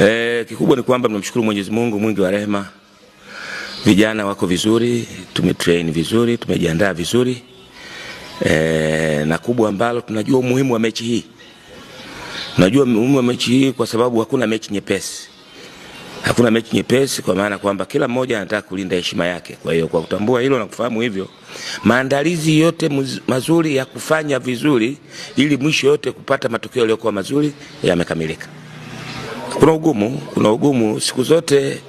E, kikubwa ni kwamba tunamshukuru Mwenyezi Mungu mwingi wa rehema. Vijana wako vizuri, tumetrain vizuri, tumejiandaa vizuri e, na kubwa ambalo tunajua umuhimu wa mechi hii, tunajua umuhimu wa mechi hii kwa sababu hakuna mechi nyepesi, hakuna mechi nyepesi, kwa maana kwamba kila mmoja anataka kulinda heshima yake. Kwa hiyo kwa kutambua hilo na kufahamu hivyo, maandalizi yote mazuri ya kufanya vizuri ili mwisho yote kupata matokeo yaliyokuwa mazuri yamekamilika kuna ugumu, kuna ugumu siku zote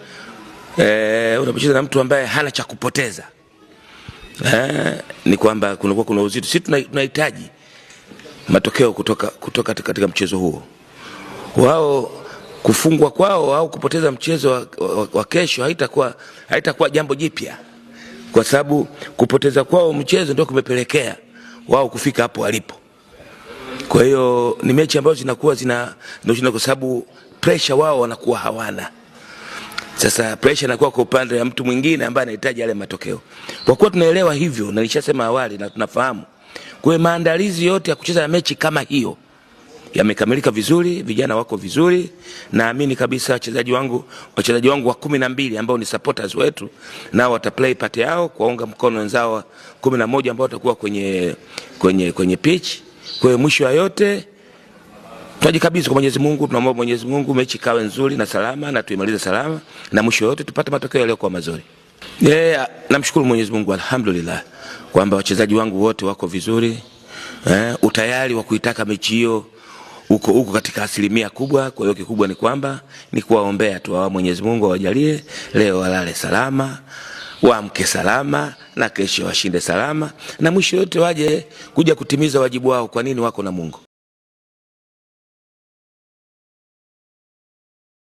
eh, unapocheza na mtu ambaye hana cha kupoteza eh, ni kwamba kunakuwa kuna uzito. Sisi tunahitaji matokeo kutoka, kutoka katika mchezo huo. Wao kufungwa kwao au kupoteza mchezo wa, wa, wa kesho haitakuwa haitakuwa jambo jipya, kwa sababu kupoteza kwao mchezo ndio kumepelekea wao kufika hapo walipo. Kwa hiyo ni mechi ambazo zinakuwa zina ndio kwa sababu pressure wao wanakuwa hawana. Sasa pressure inakuwa kwa upande wa mtu mwingine ambaye anahitaji yale matokeo. Kwa kuwa tunaelewa hivyo, na nilishasema awali na tunafahamu, kwa maandalizi yote ya kucheza mechi kama hiyo yamekamilika vizuri, vijana wako vizuri, naamini kabisa wachezaji wangu wachezaji wangu wa kumi na mbili ambao ni supporters wetu nao wataplay part yao kuwaunga mkono wenzao kumi na moja ambao watakuwa kwenye, kwenye, kwenye pitch. Kwa hiyo mwisho wa yote Tunajikabidhi kwa Mwenyezi Mungu, tunaomba Mwenyezi Mungu mechi kawe nzuri na salama na tuimalize salama na mwisho yote tupate matokeo yaliyokuwa mazuri. Yeah, namshukuru Mwenyezi Mungu alhamdulillah kwamba wachezaji wangu wote wako vizuri. Eh, utayari wa kuitaka mechi hiyo uko huko katika asilimia kubwa. Kwa hiyo kikubwa ni kwamba ni kuwaombea tu wa Mwenyezi Mungu awajalie leo walale salama, waamke salama na kesho washinde salama, na mwisho yote waje kuja kutimiza wajibu wao. Kwa nini wako na Mungu?